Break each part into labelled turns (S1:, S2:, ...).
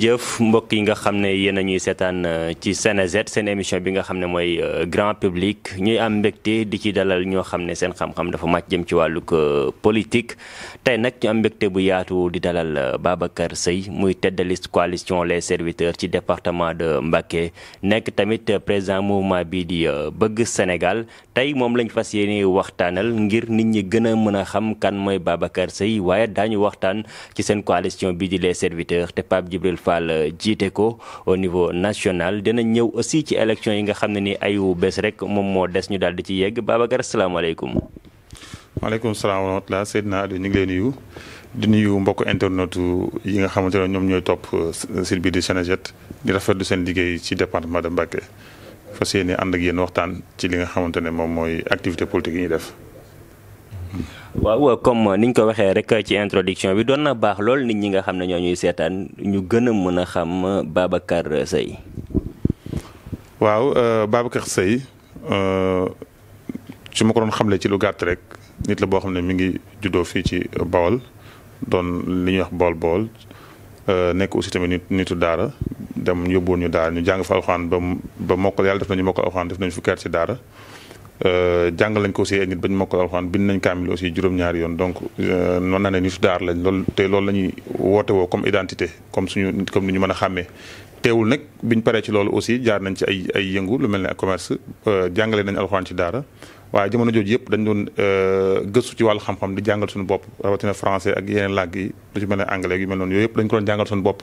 S1: jëf mbokk yi nga xam ne yéen a ñuy seetaan euh, ci Senejet seen émission bi nga xam ne mooy euh, grand public ñuy am mbégte di ci dalal ñoo xam ne seen xam-xam dafa màcc jëm ci wàllug euh, politique. tey nag ñu am mbégte bu yaatu di dalal Babacar Seye muy tête de liste coalition les serviteurs ci département de Mbacké nekk tamit président mouvement bii di bëgg Sénégal tey moom lañ fas yéene waxtaanal ngir nit ñi gën a mën a xam kan mooy Babacar Seye waaye daañu waxtaan ci Fall jiite ko au niveau national dinañ ñëw aussi ci élection yi nga xam ne ni ayu bés rek moom moo des ñu daal di ci yegg Babacar salaamaaleykum. maaleykum salaam wa rahmatulah Seydina Aliou ñu ngi lay nuyu di nuyu mbokk internet
S2: yi nga xamante ne ñoom ñooy topp euh, site bi di Senejet di rafetlu seen liggéey ci département de Mbacké fas yéene ànd ak yéen waxtaan ci li nga xamante ne moom mooy activité politique yi ñuy def.
S1: waaw comme niñ ko waxee rek ci introduction bi doon na baax lool nit ñi nga xam ne ñoo ñuy seetaan ñu gën a mën a xam Babacar Seye. waaw euh, Babacar Seye euh, su ma ko doon xamle ci lu gàtt rek
S2: nit la boo xam ne mu ngi juddoo fii ci Bawol doon li ñuy wax Bawol Bawol euh, nekk aussi tamit nitu daara dem yóbbuwoon ñu daara ñu jàng fa alxuraan ba ba mokkal yàlla def nañu mokkal alxuraan def nañu fukki at ci daara. Euh, jàngal lañ ko aussi ay nit bañ mokkal alxuraan bind nañ kaamil aussi juróom-ñaari yoon donc euh, noon naa ne nitu daar lañ loolu te loolu la ñuy woote woo comme identité comme suñu comme ni ñu mën a xàmmee teewul nag biñ paree ci loolu aussi jaar nañ ci ay ay yëngu lu mel ne ak commerce euh, jàngale nañ alxuraan ci daara waaye jamono jooju yëpp dañ doon gësu ci wàllu xam-xam di jàngal suñu bopp rawatina français ak yeneen làkk yi lu ci mel ne anglais yu mel noonu yëpp dañ ko doon jàngal bopp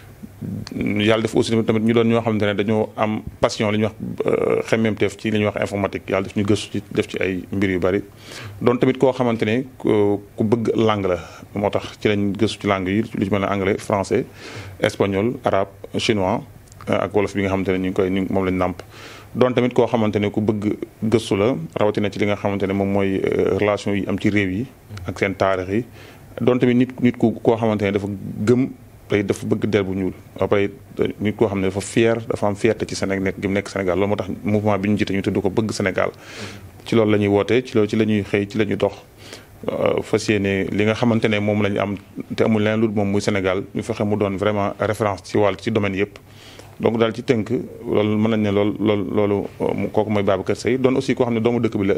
S2: yàlla def aussi tamit ñu doon ñoo xamante ne dañoo am passion li ñuy wax euh, xemmemteef ci li ñuy wax informatique yàlla def ñu gëstu ci def ci ay mbir yu bari doon tamit koo xamante ne ku bëgg langue la moo tax ci lañ gëstu ci langue yi lu ci mel ne anglais français espagnol arabe chinois euh, ak bi nga xamante ne ñu ngi koy ñu moom lañ nàmp doon tamit koo xamante ne ku bëgg gëstu la rawatina ci li nga xamante ne moom mooy euh, relation yi am ci réew yi ak seen taarix yi doon tamit nit ku koo xamante ne dafa gëm après dafa bëgg der bu ñuul après nit koo xam ne dafa fier dafa am fierté ci Sénégal nekk gi mu nekk Sénégal loolu moo tax mouvement bi ñu jiite ñu tudd ko bëgg senegal ci loolu la ñuy wootee ci loolu ci la ñuy xëy ci la ñuy dox euh, fas yéene li nga xamante ne moom la ñu am te amul leneen lu moom muy Sénégal ñu fexe mu doon vraiment référence ci wàll ci domaine yëpp donc daal ci tenk loolu mën nañ ne lool lool loolu euh, kooku baaba Babacar Seye doon aussi koo xam ne doomu dëkk bi la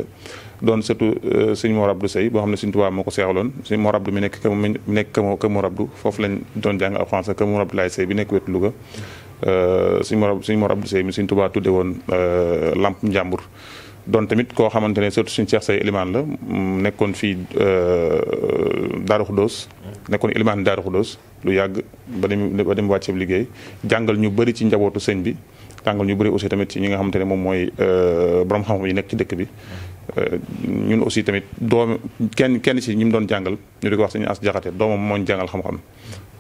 S2: doon surtout euh, sëñ Mor Abdou Seye boo xam ne sëñ Tuubaa moo ko seexaloon sëñ Mor Abdou mi nekk kër mi nekk kër Mor Abdou foofu lañ doon jàng alxuraan sax kër Mor Abdou Laay Seye bi nekk wetu Louga euh, sëñ Mor sëñ Mor Abdou Seye mi sëñ Tuubaa tudde woon Lamp Njàmbur doon tamit koo xamante ne surtout suñu Cheikh Say Eliman la nekkoon fii euh, Daaru Xudóos nekkoon Eliman Daaru Xudóos lu yàgg ba dem ba dem wàcce liggéey jàngal ñu bëri ci njabootu sëñ bi jàngal ñu bëri aussi tamit ci ñi nga xamante ne moom mooy euh, borom xam-xam yi nekk ci dëkk bi euh, ñun aussi tamit doom kenn kenn ci ñi mu doon jàngal ñu di ko wax suñu as jaxate doomam mooñ jàngal xam-xam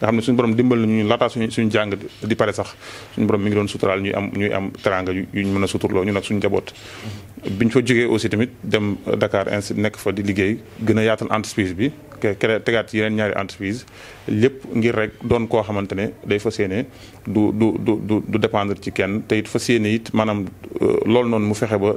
S2: nga xam ne suñ borom dimbal nu ñun laataa suñu suñu jàng di pare sax suñu borom mi ngi doon suturaal ñuy am ñuy am teranga yuñ mën a suturloo ñu nag suñu jaboot biñ fa jógee aussi tamit dem Dakar ainsi nekk fa di liggéey gën a yaatal entreprise bi créé tegaat yeneen ñaari entreprise lépp ngir rek doon koo xamante ne day fas yéene du du du du dépendre ci kenn te it fas yéene it maanaam euh, loolu noonu mu fexe ba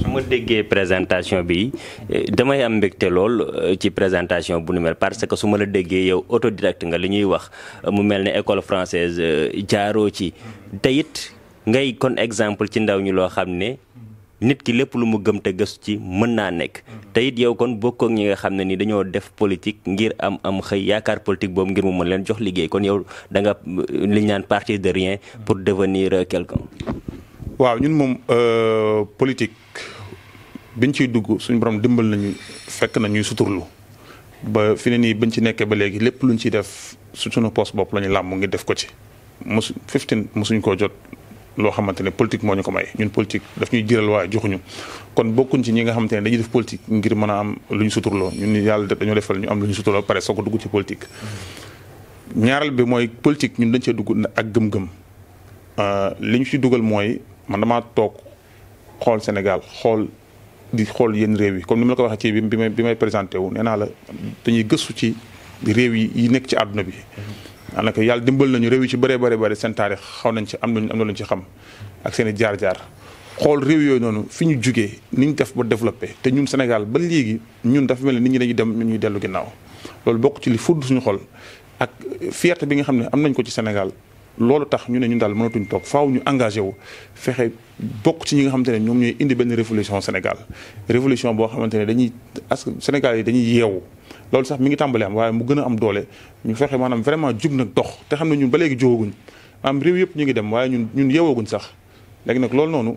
S1: su ma déggee présentation bi damay am mbégte lool euh, ci présentation bu nu mel parce que suma la déggee yow autodidacte nga li ñuy wax euh, mu mel ne école française euh, jaaroo ci te it ngay kon exemple ci ndaw ñu loo xam ne nit ki lépp lu mu gëm te gëstu ci mën naa nekk te it yow kon bokk ñi nga xam ne ni dañoo def politique ngir am am xëy yaakaar politique boobu ngir mu mën leen jox liggéey kon yow da nga li ñu naan partir de rien pour devenir quelqu'un
S2: waaw ñun moom euh, politique biñ ciy dugg suñu borom dimbal nañu fekk na ñuy suturlu ba fi ne nii bañ ci nekkee ba léegi lépp lu ñu ciy def su suñu poste bopp la ñu làmm ngi def ko ci mosu fifteen mosuñ koo jot loo xamante ne politique moo ñu ko may ñun politique daf ñuy jiral waaye joxuñu kon bokkuñ ci ñi nga xamante ne dañuy def politique ngir mën a am lu ñu suturloo ñun yàlla dañoo defal ñu am lu ñu suturloo pare soo ko dugg ci politique. ñaareel bi mooy politique ñun dañ cee dugg ak gëm euh, li ñu ci dugal mooy man damaa toog xool Sénégal xool di xool yenn réew yi comme ni ma la ko waxee ci bi may bi may présenté wu nee la dañuy gëstu ci réew yi yi nekk ci àdduna bi. daanaka yàlla dimbal nañu réew yi ci bëree bëri bëri seen taarix xaw nañ ci am nañ am na luñ ci xam ak seen jaar-jaar. xool réew yooyu noonu fi ñu jugee ni ñu def ba développé te ñun Sénégal ba léegi ñun dafa mel ni nit ñi dañuy dem ñun ñuy dellu ginnaaw loolu bokk ci li fudd suñu xol ak fierte bi nga xam ne am nañ ko ci Sénégal loolu tax ñu ne ñun daal mënatuñ toog faaw ñu engagé wu fexe bokk ci ñi nga xamante ne ñoom ñooy indi benn révolution Sénégal révolution boo xamante ne dañuy as Sénégal yi dañuy yeewu loolu sax mi ngi tàmbali am waaye mu gën a am doole ñu fexe maanaam vraiment jug nag dox te xam ne ñun ba léegi jóoguñ am réew yëpp ñu ngi dem waaye ñun ñun yeewooguñ sax léegi nag loolu noonu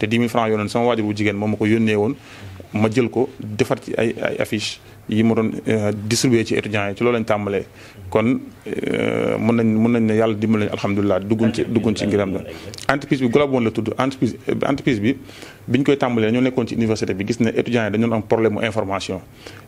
S2: te 10 000 francs yoonoon sama waajur wu jigéen moom ma ko yónnee woon ma jël ko defar ci ay ay affiche yi ma doon euh, distribuer ci étudiants yi ci loolu lañ tàmbalee kon euh, mën nañ mën nañ ne yàlla dimbale nañ alhamdulilah dugguñ ci dugguñ ci ngiram la entreprise bi Globe One la tudd euh, entreprise bi biñ koy tàmbalee ñoo nekkoon ci université bi gis ne étudiants yi dañoon am problème information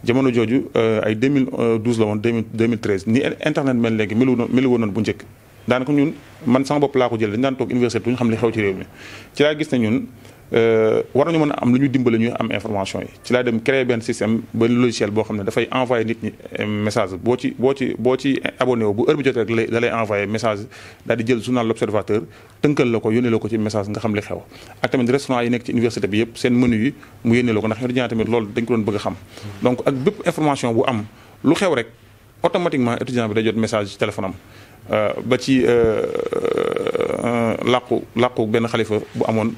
S2: jamono jooju ay 2012 la woon 2013 ni internet mel léegi melu melu woon noonu bu njëkk daanaka ñun man sama bopp laa ko jël dañu daan toog université bi ñu ne ñun Euh, war nañu mën a am lu ñu dimbale ñuy am information yi ci laa dem créer benn système ba logiciel boo xam ne dafay envoyé nit ñi euh, message boo ci boo ci boo ci abonné wu bu heure bi rek da lay envoyé message daal di jël journal l'observateur tënkal la ko yónnee la ko ci message nga xam li xew ak tamit restaurant yi nekk ci université bi yëpp seen menu yi mu yónnee la ko ndax étudiant tamit loolu dañ ko doon bëgg a xam donc ak bépp information bu am lu xew rek automatiquement étudiant bi day jot message euh, ba ci làqu làqu benn xalifa bu amoon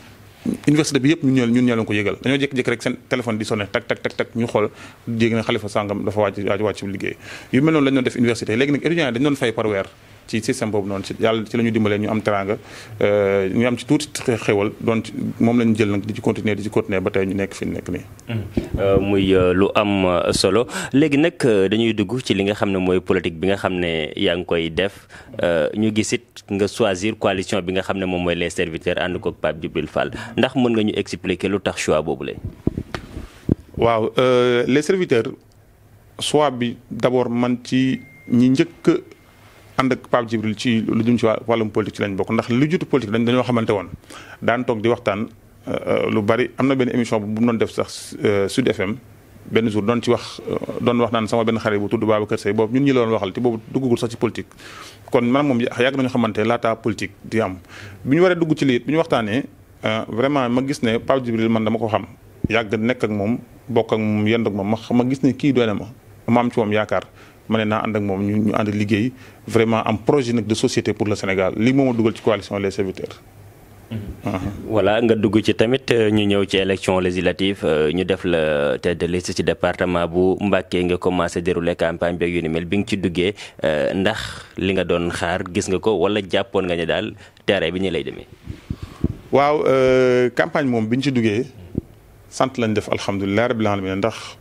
S2: université bi yëpp ñun ñoo ñun ñoo leen ko yëgal dañoo jékki-jékki rek seen téléphone di sonné tak tak tak ñu xool dégg na xalifa sàngam dafa wàcc wàcc wàcc liggéey yu mel noonu lañ doon def université léegi nag étudiants yi dañ doon fay par weer ci système boobu noonu ci yàlla ci la ñu dimbalee ñu am teranga euh, ñu am ci tuuti xewal moom la jël nag di ci continuer di ci continuer ba tey ñu nekk fi nekk nii.
S1: Euh, muy euh, lu am solo léegi nag dañuy dugg ci li nga xam ne mooy politique bi nga xam ne yaa ngi koy def ñu gisit nga choisir coalition bi nga xam ne moom mooy les serviteurs ànd ko Pape Djibril Fall ndax mën nga ñu expliquer lu tax choix boobu la.
S2: waaw les serviteurs choix bi d'abord man ci ñi njëkk ànd ak Pape Djibril ci lu jum ci wàllum politique ci lañ bokk ndax lu jutu politique dañ dañoo xamante woon daan toog di waxtaan euh, euh, lu bari am na benn émission bu mu doon def sax euh, Sud FM benn jour doon ci wax doon wax naan sama benn xarit bu tudd Babacar Seye boobu ñun ñi la doon waxal te boobu duggagul sax ci politique. kon man moom yàgg nañu xamante laata politique di am bi ñu waree dugg ci lii bi ñu waxtaanee vraiment ma gis ne Pape Djibril man dama ko xam yàgg nekk ak moom bokk ak moom yend ak ma gis ne kii doy na ma ma am ci yaakaar. ma na naa ak mom ñu and liguey vraiment am projet nak de société pour le Sénégal li moma duggal ci coalition les serviteurs.
S1: Mm-hmm. Uh-huh. voilà nga dugg ci tamit euh, ñu ñëw ci élection législative euh, ñu def la tête de liste ci département bu Mbacké nga commencé dérouler campagne bi ak yu mel bi nga ci duggee euh, ndax li nga doon xaar gis nga ko wala jàppoon nga ne dal terrain bi ñu lay démé
S2: waaw campagne mom biñ ci duggé sante lañ def alhamdoulillah rabbil alamin ndax.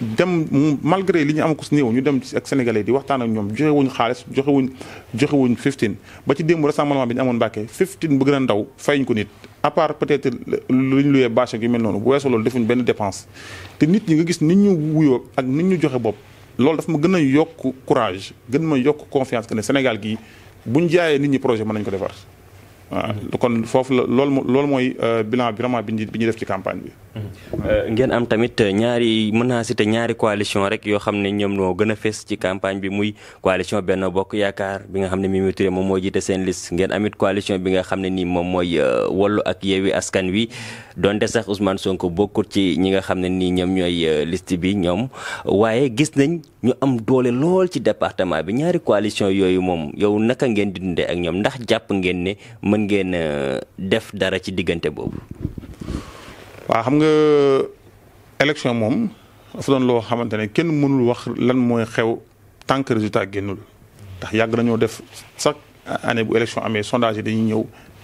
S2: dem malgré li ñu am ko si néew ñu dem ak sénégalais di waxtaan ak ñoom joxe wuñ xaalis joxe wuñ joxe wuñ 15 ba ci démb rassemblement bi ñu amoon Mbàkke 15 bu gën a ndaw fayuñ ko nit à part peut-être lu ñu luyee bâche ak yu mel noonu bu weesoo loolu defuñ benn dépense te nit ñi nga gis nit ñu wuyoo ak nit ñu joxe bopp loolu dafa ma gën a yokk courage gën ma yokk confiance que ne Sénégal gii buñ jaayee nit ñi projet mën nañ ko defar kon foofu la loolu loolu mooy euh, bilan vraiment bi ñu ñu def ci campagne bi.
S1: Euh, ngeen am tamit ñaari mën naa citer ñaari coalition rek yoo xam ne ñoom ñoo gën a fees ci campagne bi muy coalition benn Bokk Yaakaar bi nga xam ne Mimi Touré moom mooy jiite seen liste ngeen amit coalition bi nga xam ne nii moom mooy euh, Wallu ak Yewwi Askan Wi. donte sax Ousmane sonk bokkut ci ñi nga xam ne nii ñoom ñooy euh, list bi ñoom waaye gis nañ ñu am doole lool ci département bi ñaari coalition yooyu moom yow naka ngeen di dundee ak ñoom ndax jàpp ngeen ne mën ngeen euh, def dara ci diggante boobu.
S2: waa xam nga élection moom dafa doon loo xamante ne kenn mënul wax lan mooy xew tant résultat génnul ndax yàgg nañoo def chaque année bu élection amee sondage yi dañuy ñëw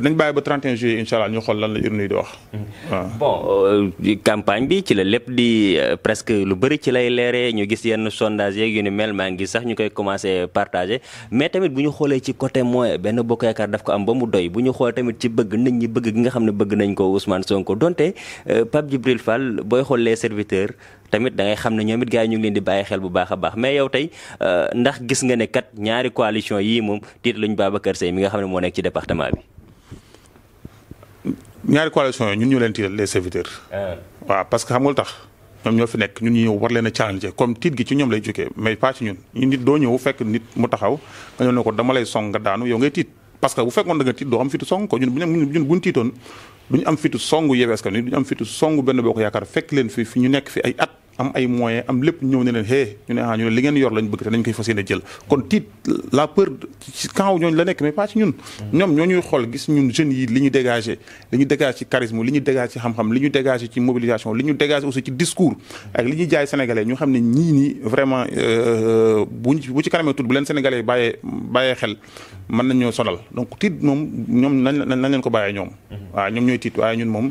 S2: nañ bàyyi ba 31 juillet incha allah ñu xool lan la urne yi di wax. Mm-hmm.
S1: bon euh, campagne bi ci la lépp di euh, presque lu bëri ci lay leeree ñu gis yenn sondage yeeg yu ni mel maa ngi sax ñu koy commencé partagé mais tamit bu ñu xoolee ci côté moyen benn bokk yaakaar daf ko am ba mu doy bu ñu xoolee tamit ci bëgg nit ñi bëgg gi nga xam ne bëgg nañ ko Ousmane Sonko donte euh, Pape Djibril Fall booy xool serviteur tamit da ngay xam ne ñoom it gars yi ñu ngi leen di bàyyi xel bu baax a baax mais yow tey ndax gis nga ne kat ñaari coalition yii moom tiit luñ Babacar Seye mi nga xam ne moo nekk ci département bi
S2: ñaari coalition yooyu ñun ñoo leen tiital les serviteurs. Ah. waaw parce xam nga tax ñoom ñoo fi nekk ñun ñu war leen a challenger comme tiit gi ci ñoom lay jógee mais pas ci ñun ñun nit doo ñëw fekk nit mu taxaw nga ñëw ne dama lay song nga daanu yow tiit. parce bu fekkoon da nga tiit doo am fitu song ko ñun ñun buñ tiitoon duñu am fitu song Yewwi Askan Wi duñu am fitu song benn boo ko yaakaar fekk leen fi ñu nekk fi ay at am ay moyens am lepp ñew ne leen hee ñu ne ah ñu li ngeen yor lañ bëgg te nañ koy fas yéene jël kon tit la peur ci camp ñooñu la nek mais pas ci ñun. ñom ñoo ñuy xool gis ñun jeune yi li ñu dégagé li ñu dégagé ci charisme li ñu dégagé ci xam-xam li ñu dégagé ci mobilisation li ñu dégagé aussi ci discours. ak li ñuy jaay sénégalais ñu xam ne ñi ni vraiment euh, bu bu ci kanamee tout bu len sénégalais bàyyee bàyyee xel man nañ ñoo sonal donc tit mom ñom nañ nañ leen ko bàyyee ñom mm-hmm. wa ñom ñoy tit waaye ñun mom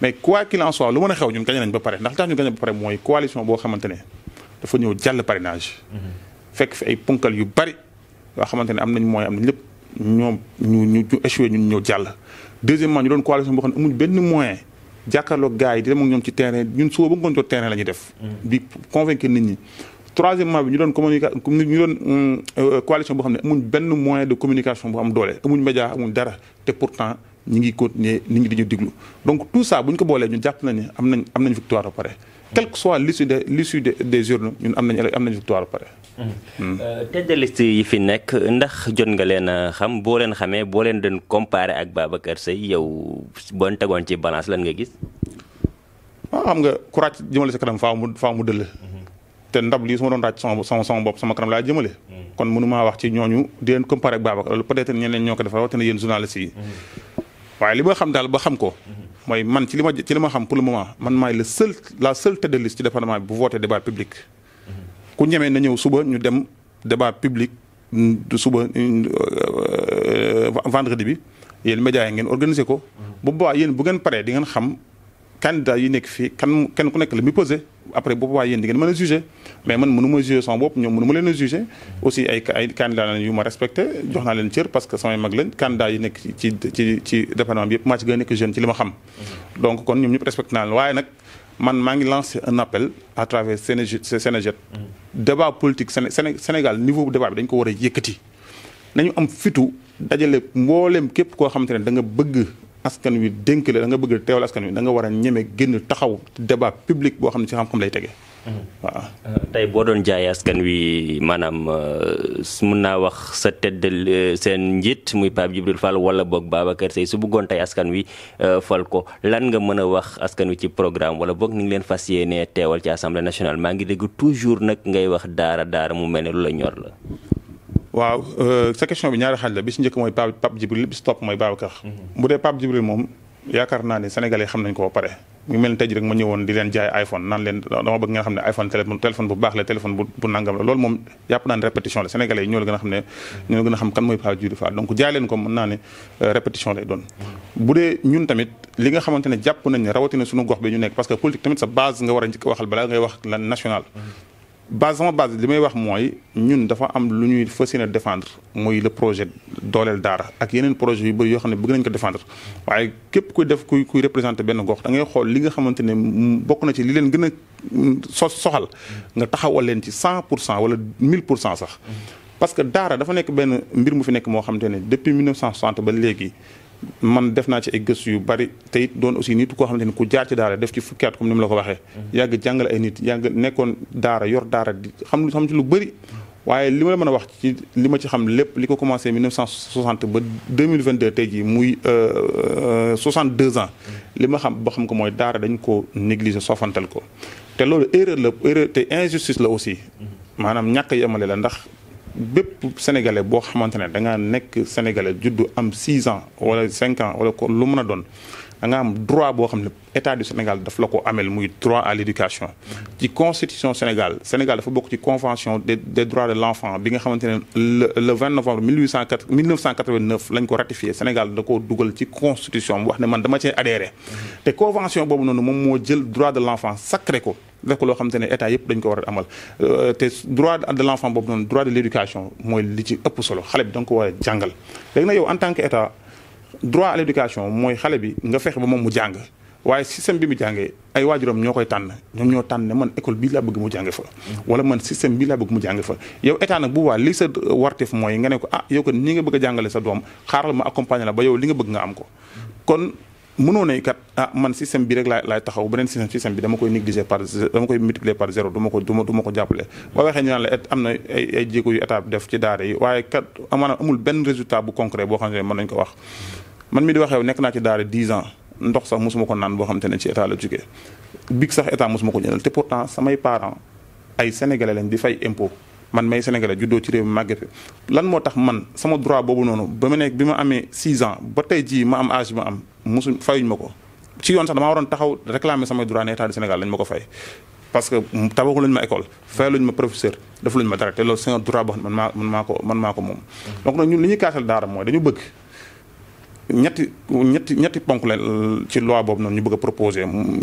S2: mais quoi qu'il en soit lu mën xew ñun gañe nañ ba paré ndax tax ñu gañe ba paré moy coalition bo xamantene ne dafa ñëw jàll parrainage mhm. fekk fi ay ponkal yu bari yoo xamantene ne am nañ mooy am nañ lépp ñu ñu ñu échoué ñun ñëw jall deuxièmement ñu doon coalition bo xamantene amuñ benn moyen jàkkaarloo gaay di dem ak ñom ci terrain ñun suba bu ngon ci terrain lañu def bi mhm. convaincre nit ñi troisièmement bi ñu doon communication ñu doon euh, euh, coalition bo xamantene amuñ benn moyen de communication bu am doole amuñ média amuñ dara te pourtant ñi ngi continuer nit ñi di ñu déglu donc tout ça buñ ko boolee ñun jàpp nañ am nañ am nañ victoire pare quel que soit l'issue de l'issue de, des journaux ñun am nañ am nañ victoire pare
S1: mhm. hmm. euh, tëddalist yi fi nekk ndax jot nga leen a xam boo leen xamee boo leen doon comparer ak Babacar Sey yow boo tegoon ci balance lan nga gis.
S2: ah xam nga ku ràcc jëmale sa kanam faaw mu faaw mu dëll. Mhm. te ndab lii su ma doon ràcc sama sama sama bopp sama kanam laa jëmale. Mhm. kon mënumaa wax ci ñooñu di leen comparer ak Babacar loolu peut être ñeneen ñoo ko defal wax yéen journalistes yi. waaye li ma xam daal ba xam ko mooy man ci lima ci li xam pour le moment man maay le seul la seule tête de liste ci département bi bu voté débat public. ku ñemee na ñëw suba ñu dem débat public suba euh, euh, vendredi bi yéen médias yi ngeen organiser ko. bu boobaa yéen bu ngeen paree di ngeen xam candidat yi nekk fii kan kenn ku nekk la muy posé. après bu boobaa yéen di ngeen mën mais man mënu ma jugé sama bopp ñoom mënu ma leen a jugé aussi ay ay candidat lañ yu ma respecté jox naa leen parce que samay mag lañ candidat yi nekk ci ci ci département bi match maa ci gën a nekk jeune ci li xam mmh. donc kon ñoom ñëpp respecté naa leen man mangi lancer un appel à travers Sénéjet mmh. débat politique Sénégal niveau débat dañ ko wara a nañu am fitu dajale mboolem képp ko xamante ne da nga bëgg askan wi dénk la da nga bëgg teewal askan wi da nga war a ñeme génn taxaw débat public boo xam ne ci xam-xam lay tege. Mm-hmm. Euh,
S1: tey boo doon jaay askan wi maanaam euh, mun naa wax sa tëddal euh, seen njiit muy Pape Djibril Fall wala boog Babacar Seye su bëggoon tey askan wi fal ko lan nga mën a wax askan wi ci programme wala boog ni ngi leen fas yéenee teewal ci assemblée nationale maa ngi dégg toujours nag ngay wax daara daara mu mel ne lu la ñor la.
S2: waaw euh, sa question bi ñaari xaaj la bi si njëkk mooy Pape Pape Djibril bi si topp mhm. bu dee Pape Djibril moom yaakaar naa ne xam nañ ko pare. mu mel ni tey jii rek ma ñëwoon di leen jaay iPhone naan leen dama bëgg ngeen xam ne iPhone téléphone bu baax la téléphone bu nangam la moom yàpp naa répétition la sénégalais yi gën a xam ne ñoo gën a xam kan mooy Pape Djibril Fall donc jaay leen ko mën euh, répétition lay doon mhm. bu dee ñun tamit li nga xamante ne jàpp a njëkk waxal balaa ngay wax la national mhm. base sama base li may wax mooy ñun dafa am lu ñuy fas yéene défendre muy le projet dooleel daara ak yeneen projet yu bëri yoo xam ne bëgg nañ ko défendre waaye képp kuy def kuy kuy représenté benn gox da ngay xool li nga xamante ne bokk na ci li leen gën a so soxal nga taxaw taxawal leen ci cent pour cent wala mille pour cent sax parce que daara dafa nekk benn mbir mu fi nekk moo xamante ne depuis 1960 ba léegi man def naa ci ay gëstu yu bari te it doon aussi nit koo xam xamante ni ku jaar ci daara def ci fukki at comme ni mu la ko waxee. Mhm. yàgg jàngale ay nit yàgg nekkoon daara yor daara di xam xam ci lu bari. waaye li ma la mën a wax ci li ma ci xam lépp li ko commencé 1960 ba 2022 tey jii muy 62 euh, euh, ans. Mhm. li ma xam ba xam ko mooy daara dañ ko négliger soofantal ko te loolu erreur la erreur te injustice la aussi. Mhm. maanaam ñàkk yemale la ndax. bépp sénégalais boo xamante ne da ngaa nekk sénégalais juddu am 6 ans wala 5 ans wala lu mën a doon da nga am droit boo xam ne état du Sénégal daf la ko amel muy droit à l'éducation ci constitution Sénégal Sénégal dafa bokk ci convention des des droits de l'enfant bi nga xamante ne le le 20 novembre 1989 lañ ko ratifié Sénégal da ko dugal ci constitution wax ne man dama cee adhéré mmh. te convention boobu noonu moom moo jël droit de l'enfant sacré ko. nekk loo xamante ne état yëpp dañ ko war a amal euh, te droit de l' enfant noonu droit de l' éducation mooy li ci ëpp solo xale bi da nga ko war a jàngal. léegi nag yow en tant que état droit à l' mooy xale bi nga fexe ba moom mu jàng waaye système bi mu jàngee ay waajuram ñoo koy tànn ñoom ñoo tànn ne man école bii laa bëgg mu jàng fa. wala man système bii laa bëgg mu jàng fa yow état nag bu boobaa li sa warteef mooy nga ne ko ah yow ko nii nga bëgg a sa doom xaaral ma accompagner la ba li nga bëgg nga ko mënoo ne kat ah man système bi rek laay laay taxaw beneen système système bi dama koy négliger par dama koy multiplier par zéro du ma ko du ma ko jàppale. boo waxee ñu naan la am na ay ay jéego yu état def ci daara yi waaye kat maanaam amul benn résultat bu concret boo xam ne man nañ ko wax. man mi di waxee nekk naa ci daara 10 ans ndox sax mosuma ko naan boo xam te ne ci état la jógee big sax état mosuma ko jëndal te pourtant samay parents ay sénégalais lañ di fay impôt. man may sénégalais juddoo ci réew mi lan moo tax man sama droit boobu noonu ba ma nekk bi ma amee 6 ans ba tey jii ma am âge ma am mosuñ fayuñ ma ko ci yoon sax damaa waroon taxaw réclamer samay droit ne état du Sénégal lañ ma ko fay parce que tabaxu luñ ma école fay luñ ma professeur def luñ ma dara te loolu c'est un droit boo xam man maa maa ko man maa ko moom mm-hmm. donc nag ñun li ñuy kaasal daara mooy dañu bëgg Il ñetti a ponk la euh, ci loi bobu non ñu bëgg a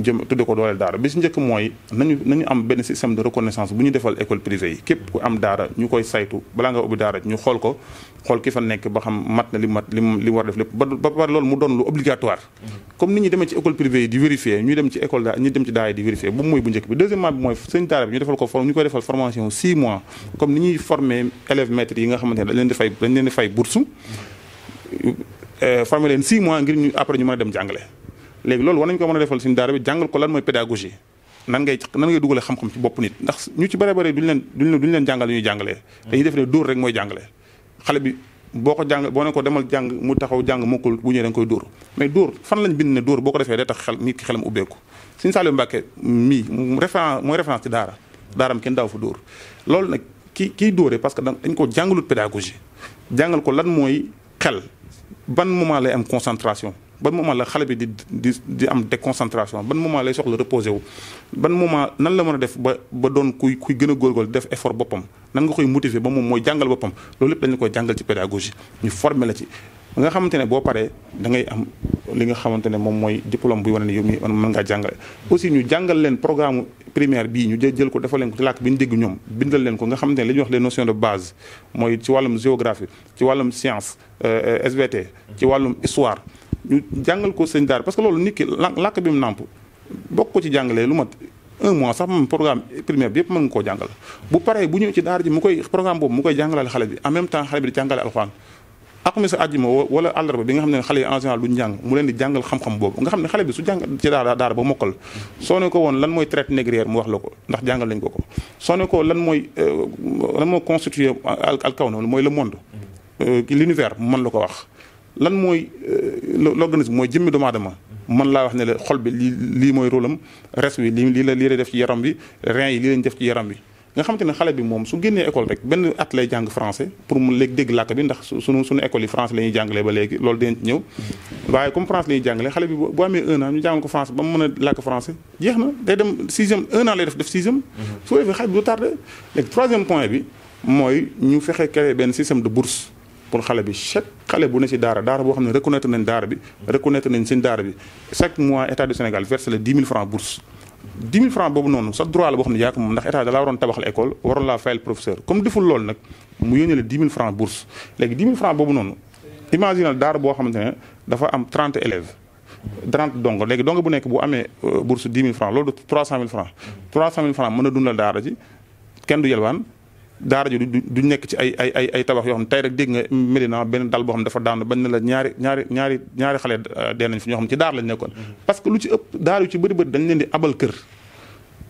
S2: jëm ko daara si nous nañu am système de reconnaissance bu ñu défal école privée yi képp ku am daara ñu saytu bala nga ubbi daara ñu ko nekk ba xam mat na obligatoire mm-hmm. comme nit ñi ci école privée yi di vérifier ñu dem ci école dem ci daay di vérifier bu bu deuxièmement ñu mois comme ni ñuy élèves maîtres yi dañ leen Euh, formé leen 6 mois ngir ñu après ñu mën a dem jàngale léegi loolu war nañ ko mën a defal suñu daara bi jàngal ko lan mooy pédagogie nan ngay nan ngay dugale xam-xam ci bopp nit ndax ñu ci bare bare duñ leen duñ duñu leen jàngal ñuy jàngalee dañuy def ne dóor rek mooy jàngale xale bi boo ko jàng boo ne ko demal jàng mu taxaw jàng mokkul bu ñëwee da nga koy dóor mais dóor fan lañ bind ne dóor boo ko defee day tax xel nit ki xelam ubbeeku Sëriñ Saliou Mbacke mii référence mooy référence ci daara daaram kenn daaw fa dóor loolu nag ki kiy dóoree parce que dañ ko jàngalut pédagogie jàngal ko lan mooy xel ban moment lay am concentration ban moment la xale bi di di am déconcentration ban moment lay soxla reposé wu ban moment nan la mën def ba ba doon kuy kuy gëna gorgol def effort bopam. nan nga koy motiver ba mom moy jangal bopam. loolu lepp dañu koy jangal ci pédagogie ñu former la ci ba nga xamante ne boo paree dangay ngay am li nga xamante ne moom mooy diplôme buy wane ne yow mii mën ngaa jàngale aussi ñu jàngal leen programme primaire bii ñu jël ko defal leen ko ci làkk bi ñu dégg ñoom bindal leen ko nga xamante ne li ñuy wax les notions de base mooy ci wàllum géographie ci wàllum science euh, SVT ci wàllum jàngal ko seen daara parce que loolu nit ki làkk bi mu nàmp bokk ko ci jàngalee lu mat un sax moom programme primaire bi yëpp mën nga koo jàngal bu paree bu ñëw ci daara ji mu koy programme boobu mu koy jàngalal xale bi en même temps xale bi di jàngale alxuraan sa àjjuma wala alarba bi nga xamne xale en général duñ jàng mu leen di jàngal xam-xam bobu nga xamne xale bi su jàng ci dara dara ba mokal soné ko won lan moy traite négrière mu wax lako ndax jàngal lañ ko ko soné ko lan moy lan mo constituer al kawno moy le monde ki l'univers mën la ko wax lan moy l'organisme moy jëmmi doomu aadama man la wax ne le xol bi li moy mooy rôle am res wi li lii la lii lay def ci yaram bi rein yi li lañ def ci yaram bi nga xamante xalé bi mom su génnee école rek ben at lay jàng français pour mu léegi dég lak bi ndax suñu suñu école yi français lañu jangalé jàngalee ba léegi loolu dinañ ñew mm-hmm. waye comme france lañu jangalé xalé bi bu amé 1 an ñu jàngal ko français ba mu mën a français jeex na day dem 6e 1 an lay def def sixième mm-hmm. su defee xale bi du tardé 3e point bi moy ñu fexé créé ben système de bourse pour xalé bi chaque xalé bu ne ci dara dara bo xamné reconnaître nañ dara bi reconnaître nañ seen dara bi chaque mois état du Sénégal verse le 10000 francs bourse dix mille francs boobu noonu sa droit la boo xam ne yaa ko moom ndax état da laa waroon tabaxal école waroon laa fayal professeur comme deful loolu nag mu yónnee la dix mille francs bourse léegi dix mille francs boobu noonu imaginal daara boo xamante ne dafa am trente élèves trente dongo léegi dongo bu nekk bu amee euh, bourse dix mille francs loolu trois cent mille francs trois cent mille francs mën a dundal daara ji kenn du yelwaan daara ji du nekk ci ay ay ay ay tabax yoo xam ne tey rek dégg nga Medina benn dal boo xam ne dafa daanu bañ ne la ñaari ñaari ñaari ñaari xale dee nañ fi ñoo xam ci daar lañ nekkoon. Mm-hmm. parce que lu ci ëpp daar yu ci bëri bëri dañ leen di abal kër.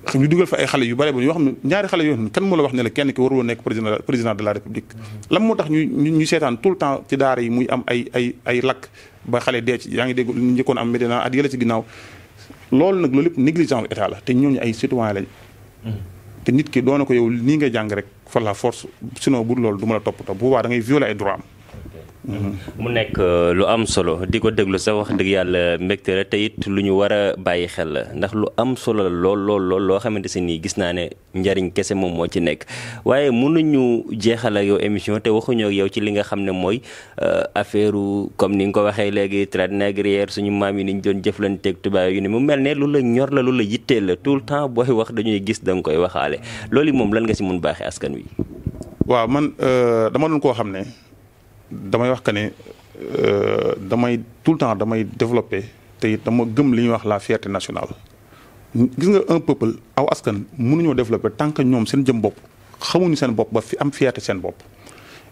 S2: xam ñu fa ay xale yu bare ba yoo xam ne ñaari xale yoo xam ne kan moo la wax ne la kenn mm-hmm. ñu ñu seetaan tout le temps ci daara yi muy am ay ay ay lakk ba xale dee ci yaa ngi dégg ñu njëkkoon am Medina at yële ci ginnaaw loolu nag loolu lépp négligence la te ñooñu ay citoyen lañ mm-hmm. te nit ki doona ko yow nii ngay jàng rek fa la force sinon bu loolu du ma la toppatoo bu boobaa da ngay violer ay droit am
S1: Mm-hmm. mu nekk euh, lu am solo di ko déglu sa wax dëgg yàlla mbégte la te it lu ñu war a bàyyi xel la ndax lu am solo la lool lool lool loo xamante si nii gis naa ne njariñ kese moom moo ci nekk waaye ñu jeexal a yow émission te waxuñoo ak yow ci li nga xam ne mooy euh, affaire comme ni nga ko waxee léegi traite négrière suñu maam yi ni ñu doon jëflanteeg tubaab yi ne mu mel ne lu la ñor la lu la yitteel la tout le temps booy wax dañuy gis da nga koy waxaale loolu moom lan nga si mun baaxee askan wi. Euh, damay wax que ne
S2: euh, damay tout le temps damay développé te it dama gëm li ñuy wax la fierté nationale. gis nga un peuple aw askan mënuñoo développé tant que ñoom seen jëm bopp xamuñu seen bopp ba fi am fierté seen bopp.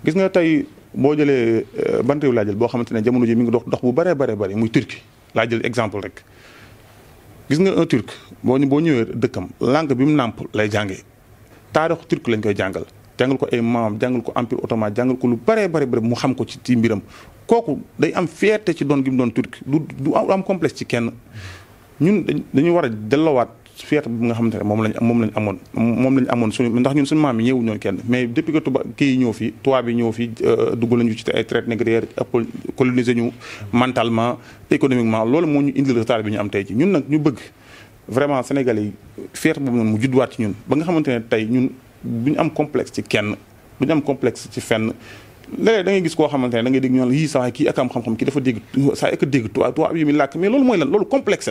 S2: gis nga tey boo jëlee euh, ban réew laa jël boo xamante ne jamono ji mi ngi dox dox bu bëree bëree bëri muy turki laa jël exemple rek. gis nga un turc boo boo ñëwee dëkkam langue bi mu nàmp lay jàngee taarixu turc lañ koy jàngal. jàngal ko ay maamam jàngal ko empire ottoman jàngal ko lu bare bare bare mu xam ko ci ci mbiram kooku day am fierté ci doon gi mu doon turc du du am complexe ci kenn ñun dañu war a delloowaat fierté bi nga xamante ne moom lañ moom lañ amoon moom lañ amoon suñu ndax ñun suñu maam yi ñëwuñu woon kenn mais depuis que tuba kii ñëw fi tubaab bi ñëw fi euh, dugg lañu ci ay traite négrière coloniser ñu mentalement économiquement loolu moo ñu indil retard bi ñu am tey ci ñun nag ñu bëgg vraiment sénégalais yi fierté boobu noonu mu judduwaat ci ñun ba xamante bu ñu am complexe ci kenn bu ñu am complexe ci fenn léeg-léeg gis koo xamante ne da ngay dégg ñoon yii sawaay kii ak xam-xam kii dafa dégg saa ak a dégg tubaab yi muy làkk mais loolu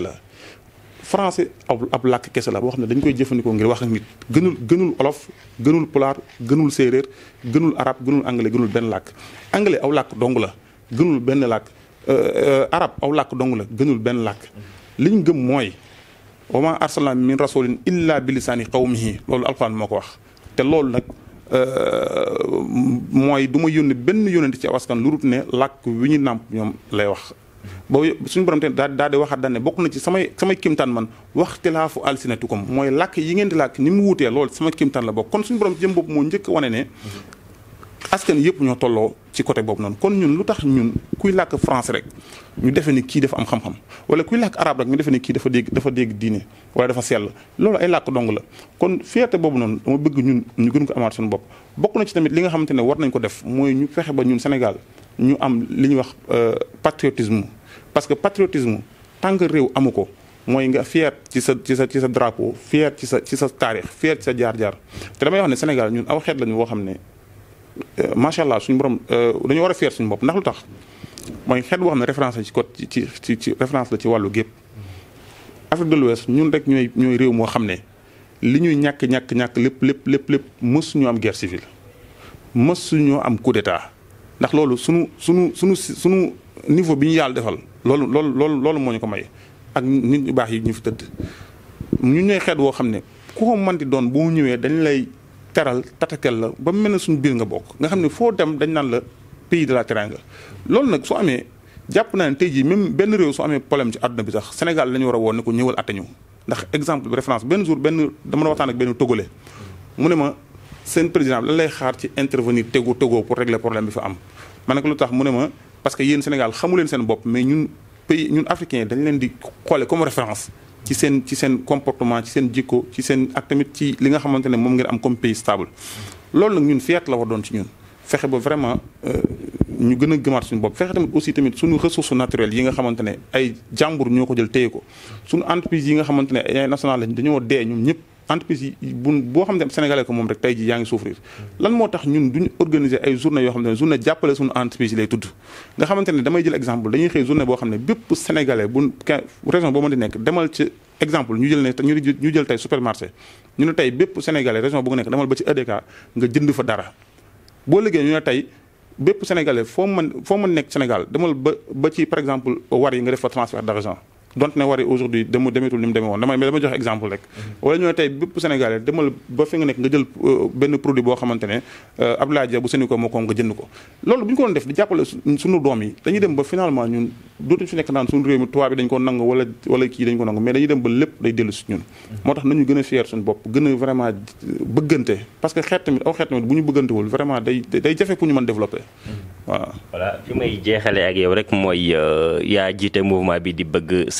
S2: la français ab ab làkk kese la boo xam ne dañ koy jëfandikoo ngir wax ak nit gënul gënul olof gënul pulaar gënul séeréer gënul arab gënul anglais gënul benn làkk anglais aw làkk dong la gënul benn làkk euh, euh, arab aw làkk dong la gënul benn làkk liñ gëm mooy wa ma arsalna min rasulin illa bi lisaani qawmihi loolu alquran moo ko wax te loolu nag euh, mooy du ma yónni benn yónnent ci aw askan ne làkk wi ñu nàmp ñoom lay wax boobu suñu borom te daa daa di waxaat daal ne bokk na ci samay samay kimtaan man waxtilaafu alsinatikum mooy làkk yi ngeen di làkk ni mu wutee lool sama kimtaan la bokk kon suñu borom jëm boobu moo njëkk wane ne mhm. askan yëpp ñoo tolloo ci côté boobu noonu kon ñun lu ñun kuy làkk france rek ñu defe ni kii dafa am xam-xam wala kuy làkk arabe rek ñu defe ni kii dafa dégg dafa dégg diine wala dafa sell loolu ay làkk dong la kon fierté boobu noonu dama bëgg ñun ñu gën ko amaat suñu bopp bokk na ci tamit li nga war nañ ko def ñu ba ñun Sénégal ñu am li wax euh, patriotisme parce que patriotisme tant que réew amu ko mooy nga fier ci sa ci sa ci sa drapeau fier ci sa ci sa fier ci sa jaar-jaar te damay wax ne Sénégal ñun aw xeet lañu xam Euh, macha allah suñu borom euh, dañu war a fier suñu bopp ndax lu tax mooy xeet boo xam ne référence la ci côté ci ci ci référence la ci wàllu gépp Afrique de l'Ouest ñun rek ñooy ñooy réew moo xam ne li ñuy ñàkk ñàkk ñàkk lépp lépp lépp lépp mës ñu am guerre civile mës suñu am coup d'état ndax loolu suñu suñu suñu suñu niveau bi ñu yàlla defal loolu loolu loolu loolu moo ñu ko may ak nit ñu baax yi ñu fi tëdd ñu ñooy xeet woo xam ne ku ko mënti doon boo ñëwee dañ lay. teral tatakal la ba mel ne suñu biir nga bokk nga xam ne foo dem dañ naan la pays de la teranga loolu nag su amee jàpp naa ne tey jii même benn réew su amee problème ci àdduna bi sax Sénégal la ñu war a woon ne ko ñëwal atte ñu ndax exemple bi référence benn jour benn dama la waxtaan ak benn togolais mu ne ma seen président lan lay xaar ci intervenir tego tego pour régler problème bi fa am ma ne lu tax mu ne ma parce que yéen Sénégal xamu leen seen bopp mais ñun pays ñun dañ leen di xoole comme référence ci seen ci seen comportement ci seen jikko ci seen ak tamit ci li nga xamante ne moom ngeen am comme pays stable loolu nag ñun fiat la war doon ci ñun fexe ba vraiment euh, ñu gën a gëmaat suñu bopp fexe tamit aussi tamit suñu ressources naturelles yi nga xamante ne ay jàmbur ñoo ko jël téye ko suñu entreprise yi nga xamante ne ay nationale lañ dañoo dee ñoom ñëpp entreprise yi bu boo xam ne sénégalais ko moom rek tey ji yaa ngi souffrir lan moo tax ñun duñu organiser ay journée yoo xam ne journée jàppale suñu entreprise yi lay tudd nga xamante ne damay jël exemple dañuy xëy journée boo xam ne bépp sénégalais bu région boo mën nekk demal exemple ñu jël ne ñu jël tey supermarché ñu ne tey bépp sénégalais région bu nga nekk demal ba ci EDK nga jënd fa dara boo liggéey ñu ne tey bépp sénégalais foo man foo mën nekk Sénégal demal ba ba ci par exemple war yi nga def fa transfert d'argent dont ne Wari aujourd'hui demu demeetul ni mu demee woon damay mais dama jox exemple rek mhm. wala ñoo tey bépp Sénégalais demal ba fi nga nekk nga jël euh, benn produit boo xamante ne euh, Abdoulaye Dia bu seeni ko moo ko nga jënd ko loolu bu ñu ko doon def di jàppale suñu doom yi dañuy dem ba finalement ñun dootuñ fi nekk naan suñu réew mi tubaab bi dañ ko nangu wala wala kii dañ ko nangu mais dañuy dem ba lépp day dellu si ñun mhm. moo tax nañu gën a fier suñu bopp gën a vraiment bëggante parce que xeet tamit aw xeet tamit bu ñu bëggantewul vraiment day day jafe pour ñu mën développer mhm. waaw voilà fi may
S1: jeexale ak yow rek mooy euh, yaa jiite mouvement bi di bëgg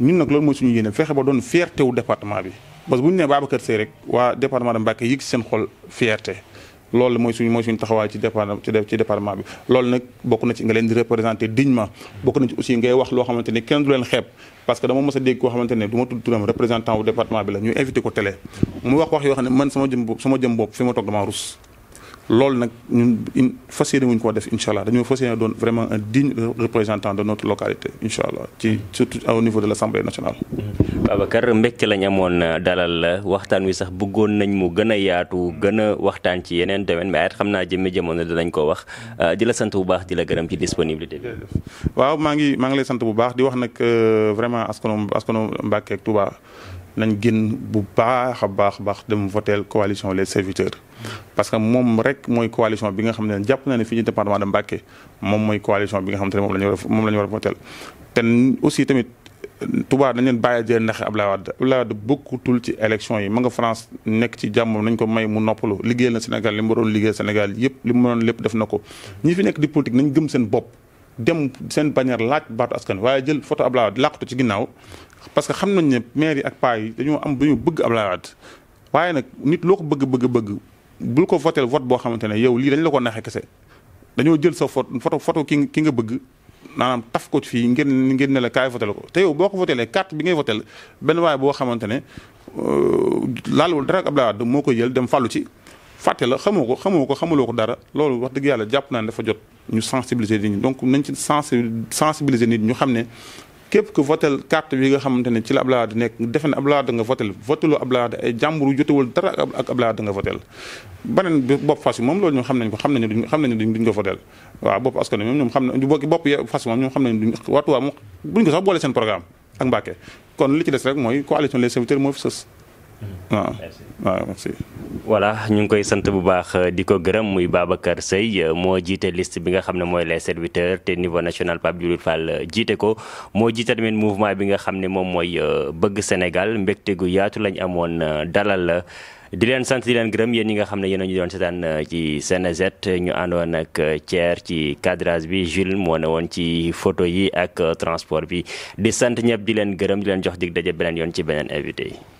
S2: ñun nag loolu mooy suñu yéene fexe ba doon fierté wu département bi parce que bu ñu nee Babacar Seye rek waa département de Mbacké yëg seen xol fierté loolu mooy suñu taxawaay ci département bi loolu nag bokk na ci nga leen di représenté dignement bokk na ci aussi ngay wax loo xamante ni kenn du leen xeeb parce que dama mës dégg koo xamante ne du ma tudd turam représentant wu département bi la ñu invité ko télé mu wax wax yoo xam ne man sama jëm bopp sama jëm bopp fi ma rus loolu nag ñun fas wuñ koo def incha allah dañoo fas yéene doon vraiment un digne représentant de notre localité incha allah ci surtout au niveau de l' assemblée nationale. Mm-hmm.
S1: Babacar mbégte lañ amoon dalal la waxtaan wi sax bëggoon nañ mu gën a yaatu gën a waxtaan ci yeneen domaine mais xam naa jëmmi jamono dinañ ko wax euh, di sant bu baax di la gërëm ci disponibilité bi. waaw maa ngi
S2: maa ngi lay sant bu baax di wax nag euh, vraiment askanu askanu Mbàkke ak nañ génn bu baax a baax baax dem voteel coalition les serviteurs parce que moom rek mooy coalition bi nga xam ne jàpp na ne fii ci département de Mbacké moom mooy coalition bi nga xam ne moom la ñu war a moom la a voteel te aussi tamit Touba dañ leen bàyyi jël ndax Abdoulaye Wade Abdoulaye Wade bokkutul ci élection yi ma nga France nekk ci jàmm nañ ko may mu noppalu liggéeyal na Sénégal li mu waroon liggéeyal Sénégal yëpp li mu mënoon lépp def na ko ñi fi nekk di politique nañ gëm seen bopp dem seen bannière laaj baatu askan waaye jël photo Abdoulaye Wade làqatu ci ginnaaw parce que xam nañ ne maire yi ak paa yi dañoo am dañoo bëgg Abdoulaye Wade waaye nag nit loo ko bëgg bëgg bëgg bul ko votel vote boo xamante ne yow lii dañ la ko naxee kese dañoo jël sa photo photo ki ki nga bëgg maanaam taf ko fii ngeen ngeen ne la kaay votel ko te yow boo ko votelee carte bi ngay votel benn waaye boo xamante ne euh, laaluwul dara ak Abdoulaye Wade moo koy jël dem fàllu ci fàtte la xamoo ko xamoo ko xamuloo ko dara loolu wax dëgg yàlla jàpp naa ne dafa jot ñu sensibiliser nit donc nañ ci sensibiliser nit ñu xam ne képp ku votel carte bi nga xamante ne ci la Abdoulaye nekk defe ne Abdoulaye Wade nga votel votelu Abdoulaye Wade ay jàmbur jotewul dara ak Abdoulaye Wade nga votel beneen bi bopp fas moom loolu ñoom xam nañ ko duñ duñ ko votel waaw bopp askan moom ñoom xam nañ bokki bopp fas moom buñ ko sax boole seen programme ak Mbàkke kon li des rek mooy coalition les serviteurs moo fi sës
S1: waaw waaw merci voilà ñu ngi koy sant bu baax di ko gërëm muy Babacar Seuy moo jiite liste bi nga xam ne mooy les serviteurs te niveau national Pape Diouroul Fall eh, jiite ko moo jiite tamit mouvement bi nga xam eh, ne moom mooy bëgg Sénégal mbégte gu yaatu lañ amoon eh, dalal di leen sant di leen gërëm yéen ñi nga xam ne yéen a ñu doon seetaan ci CNZ ñu àndoon ak Thier ci cadrage bi Jules moo ne woon ci photo yi ak transport bi di sant ñëpp di leen gërëm di leen jox dig daje beneen yoon ci beneen invité yi.